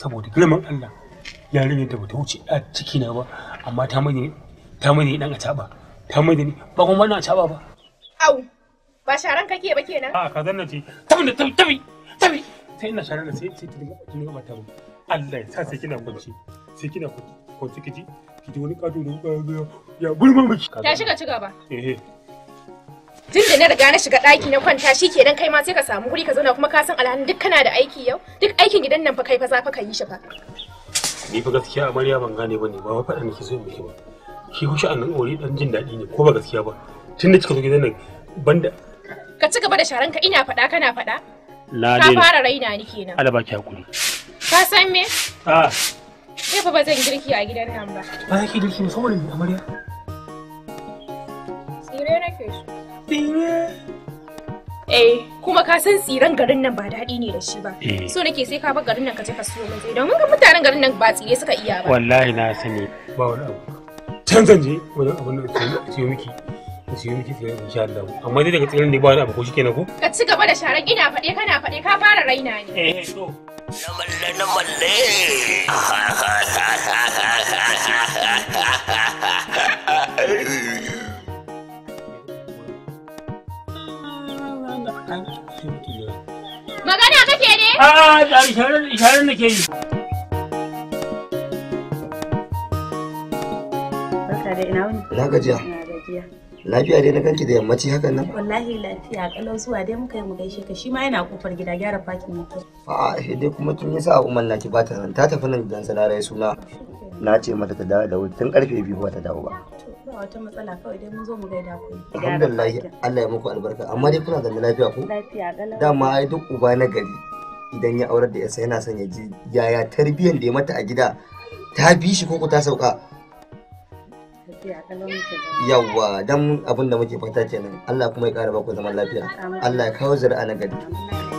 saboda girman Allah yarinyar da bata wuce a ciki na ba amma ta mani ta mani dan acaba ta mai ne ba kuma wannan acaba ba au ba sharan kake ba kenan a ka zanna ce tabi da tabi tabi tabi sai ina sharan da sai sai ta dinga dinga mata ba Allah ya sa sai kina kwanci sai kina kwanci kwanci kiji kiji wani kado da ya burma miki ta shiga ci gaba eh eh tun da na riga na shiga ɗaki na kwanta shi kenan kai ma sai ka samu kuɗi ka zauna kuma ka san alhanin duk kana da aiki yau duk aikin gidan nan fa kai fa za fa ka yi shi fa ni fa gaskiya amarya ban gane bane ba wa faɗa nake so in miki ba shi ku sha'anin ori dan jin daɗi ne ko ba gaskiya ba tun da kika zo gidan nan banda ka ci gaba da sharanka ina faɗa kana faɗa ka fara raina ni kenan alaba ki hakuri ka san me a ah. sai fa ba zan girki a gidan nan ba ba ki girki musamman amarya tsire nake shi eh kuma ka san tsiran garin nan ba daɗi ne da shi ba eh. so nake sai ka bar garin nan ka je ka siyo min domin ga mutanen garin nan ba tsire suka iya ba wallahi na sani ba wani abu can zan je wajen abin da siyo miki da siyo miki tsire Allah amma dai daga tsiren ne ba wani abu ko shikenan ko ka ci gaba da sharan ina faɗe kana faɗe ka fara raina ne eh to na malle na malle ha ha ha ha ha ha ha ha Magana kake ne? A'a, da ke yi. gajiya. Lafiya dai na ganki da yammaci hakan nan? Wallahi lafiya kalau zuwa dai muka yi mu gaishe ka shi ma yana kofar gida gyara fakin mutum. A'a, dai kuma tun yasa a umar laki ba ta nan ta tafi nan gidan sanara ya suna. na ce mata ta dawo da wuri tun karfe biyu ba ta dawo ba ba wata matsala kawai dai mun zo mu gaida ku alhamdulillah Allah ya muku albarka amma dai kuna zanne lafiya ko lafiya galau dama ai duk uba na gari idan ya aurar da yasa yana son ya ji yaya tarbiyyar da ya mata a gida ta bi shi ko ta sauka yawwa dan abin da muke fata kenan Allah kuma ya kara baku zaman lafiya Allah ya kawo zuri'a na gari